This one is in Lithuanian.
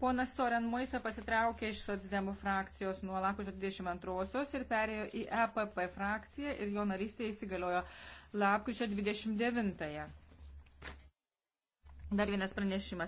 Ponas Soren Moisa pasitraukė iš socdemų frakcijos nuo lapkričio 22-osios ir perėjo į EPP frakciją ir jo narystė įsigaliojo lapkričio 29-ąją. Dar vienas pranešimas.